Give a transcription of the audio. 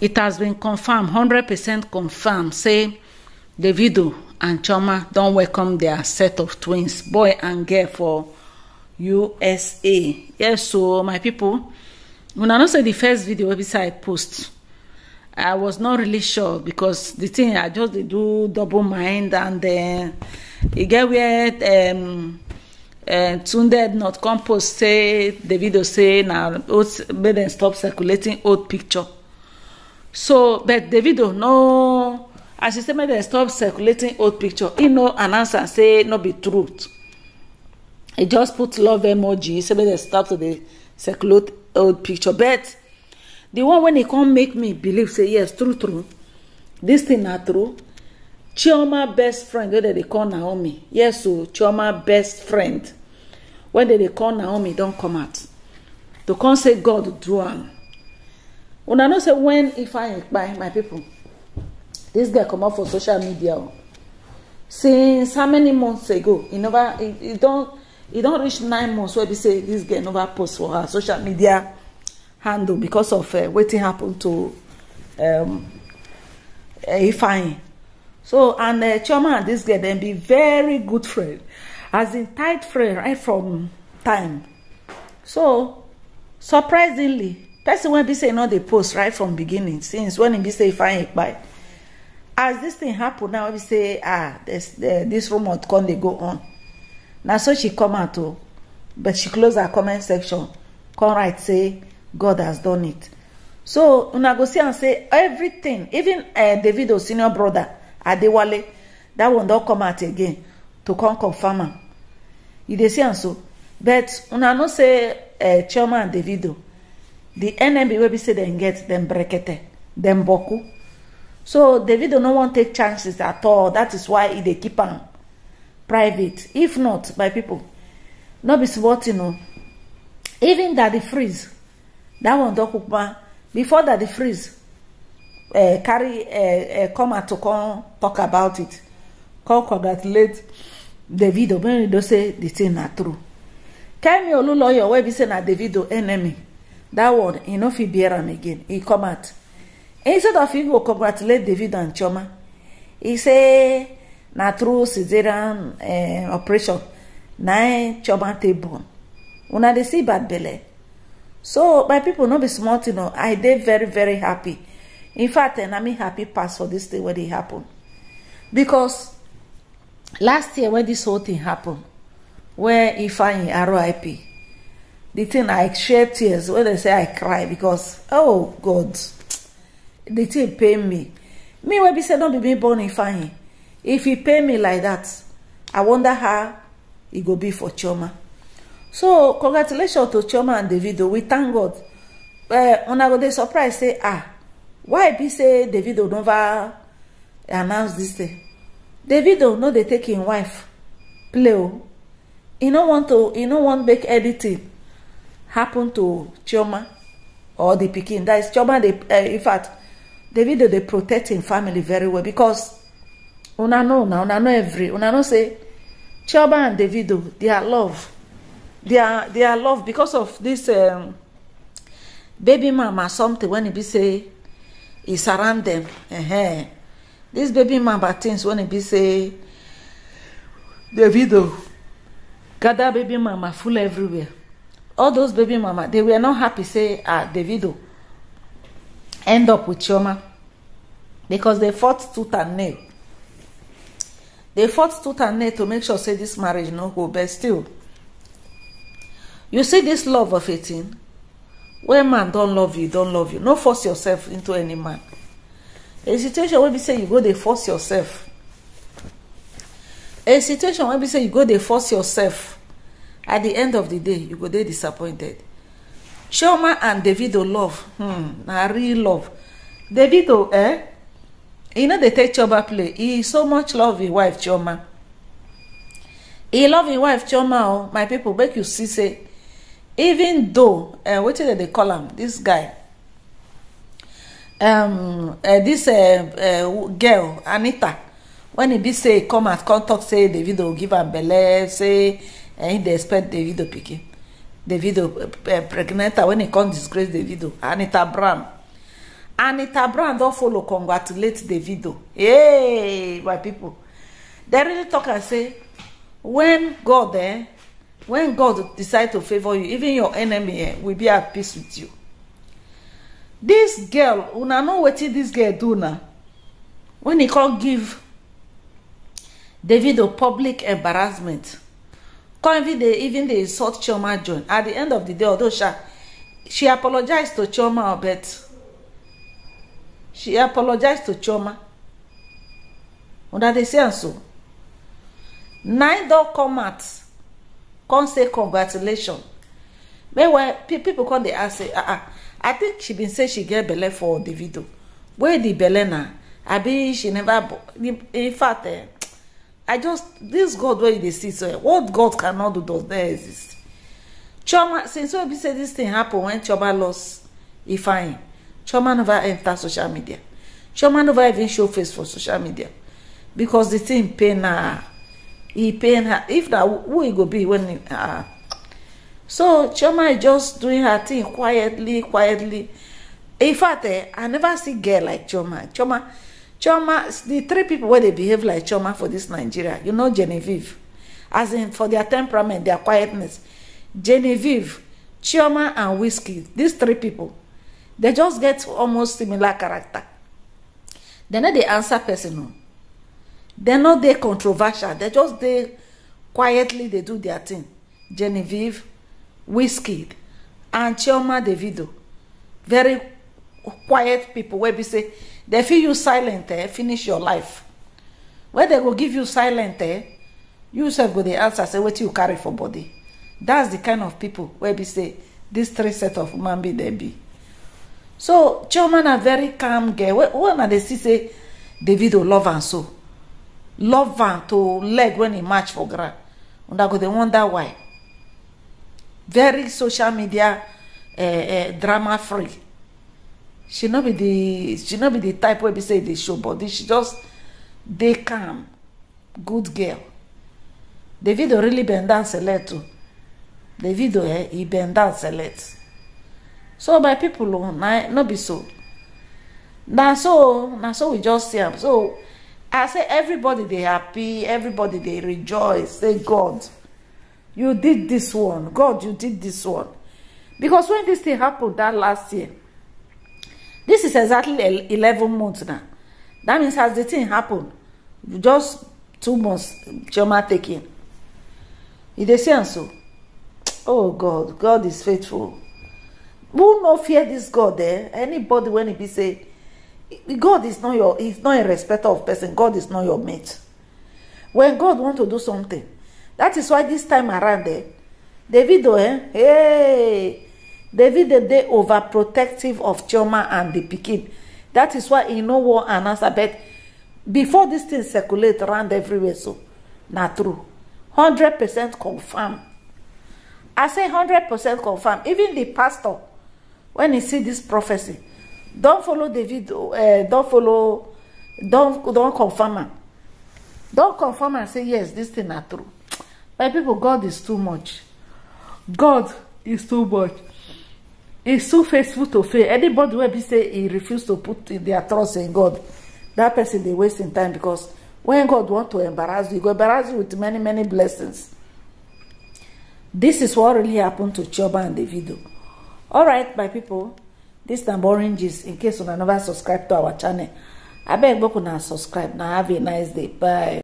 it has been confirmed 100% confirmed say the video and don't welcome their set of twins boy and girl for usa yes so my When I know say the first video website post i was not really sure because the thing i just do double mind and then e get weird um, uh, tunde not come post say video say na made dem stop circulating old picture so but davido no as she say make dem stop circulating old picture he no announce am say no be truth He just put love emoji say make dem stop to dey circulate old picture but the one wey e come make me believe say yes true true This thing na true chioma best friend wey dem dey call naomi yes o oh, chioma best friend wey dem dey call naomi don come out to come say god do am una know say wen ifeanyi kpai my pipo dis girl comot for social media o oh. since how many months ago e never e don e don reach nine months wey be say this girl never post for her social media handle because of eh, wetin happen to um, eh, ifeanyi so and eh, chioma and this girl dem be very good friend as in tight friend right from time so surprisingly person wey be say e no dey post right from beginning since when he be say fine, find ekpai as this thing happen now wey be say ah this this rumour con dey go on na so she come out o but she close her comment section come write say god has done it so una go see am say everything even eh, davido senior brother adewale that one don come out again to come confirm am you dey see am so but una know say eh, chioma and davido the nmb will be say they get them brekete them boku so David davido no wan take chances at all that is why e keep am private if not by people, not be small tin o oh. even daddy freeze that one don kukuma before daddy freeze eh, carry eh, eh, come out to come talk about it come congratulate David when e know say di tin not true kemi lawyer will be say na davido enemy That one he no fit bear am again He come out instead of him go congratulate david and chioma he say na through cesarean eh, operation na chioma take born una dey see bad belle so my people no be small tin o oh. i dey very very happy in fact eh, na me happy pass for this thing wey dey happen because last year when this whole thing happen wen ifeanyi rip the thing i shed tears when they say i cry because oh god the thing pain me me wey be say don't be me born fine? if he pay me like that i wonder how e go be for Choma. so congratulations to Choma and davido we thank god uh, eh, una go dey surprise say ah why be say davido never announce dis thing davido no dey take im wife play oh. he e no want to He no want make anything happen to chioma or the pikin that is chioma eh, in fact davido they protect im family very well because una know now una know every una know say chioma and davido they are love they they are are love because of dis um, baby mama something when he be say e surround dem -huh. dis baby mama things when he be say davido gather baby mama full everywhere all those baby mama they were not happy say ah davido end up with chioma because they fought tooth and nail they fought tooth and nail to make sure say this marriage no go but still you see this love of a thing when man don't love you don't love you no force yourself into any man a situation wey we say you go they force yourself a situation wey we say you go they force yourself at the end of the day you go dey disappointed chioma and davido love hmm na real love davido eh e no dey take chioma play He so much love him wife chioma He love him wife chioma oh my people, make you see say even though uh, wetin dem dey call am this guy um uh, eh, dis uh, eh, girl anita when e be say e come out come tok say davido give am belle say and they expect Davido pikin. Davido eh, eh, pregnant when he come disgrace Davido. Anita Brown. Anita Brown don't follow congratulate Davido. Hey, my people. They really talk and say, when God eh, when God decide to favor you, even your enemy eh, will be at peace with you. This girl, una know wetin this girl do now. When he come give Davido public embarrassment come even the even dey insult chioma john at the end of the day although she she apologized to chioma but she apologized to chioma Under the see am so nine don come out come say congratulations. meanwhile people come dey ask say ah ah i think she been say she get belle for the davido Where the belle na abi she never in fact eh, i just this god wey you dey see so what god cannot do does not exist chioma since wey be say this thing happen wen chioma loss e ifeanyi chioma never enter social media chioma never even show face for social media because the thing pain her e pain her if na who e go be when her ah. so chioma is just doing her thing quietly quietly in fact eh i never see girl like chioma chioma Choma, the three people where they behave like Choma for this Nigeria, you know Genevieve, as in for their temperament, their quietness. Genevieve, Choma, and Whiskey, these three people, they just get almost similar character. They know they answer personal. They know they controversial. They just they quietly they do their thing. Genevieve, Whiskey, and Choma Davido, very quiet people where we say They fit you silent eh finish your life Where they go give you silent eh you sef go dey answer say what you carry for body that's the kind of people where we say this three set of human being dem be so chioma na very calm girl when they see say will love and so love and to leg when he match for ground una go they wonder why very social media eh, eh, drama free she no be the she no be the type wey be say dey show body she just dey calm good girl davido really bend down select o davido eh he bend down select so my people o oh, na no be so na so na so we just see am so i say everybody dey happy everybody dey rejoice say god you did this one god you did this one because when this thing happen that last year this is exactly eleven months now that means as the thing happen just two months chioma take in e dey say am so oh god god is faithful who no fear this god eh anybody when e be say god is not your he's not a respecter of person god is not your mate when god want to do something that is why this time around eh davido eh hey David they overprotective of chioma and the pikin That is why e no wan announce abeg before this thing circulate around everywhere so not true Hundred percent confam i say hundred percent confam even the pastor when he see this prophecy don't follow davido eh, Don't follow Don't don't confirm am Don't confirm and say yes This thing not true my people, god is too much god is too much He's so faithful to faith. Anybody will be say he refuse to put their trust in God, that person they wasting time because when God want to embarrass you, he embarrass you with many, many blessings. This is what really happened to Choba and Davido. Alright, my people, this time oranges in case you never subscribe to our channel. I beg you now subscribe. Now have a nice day. Bye.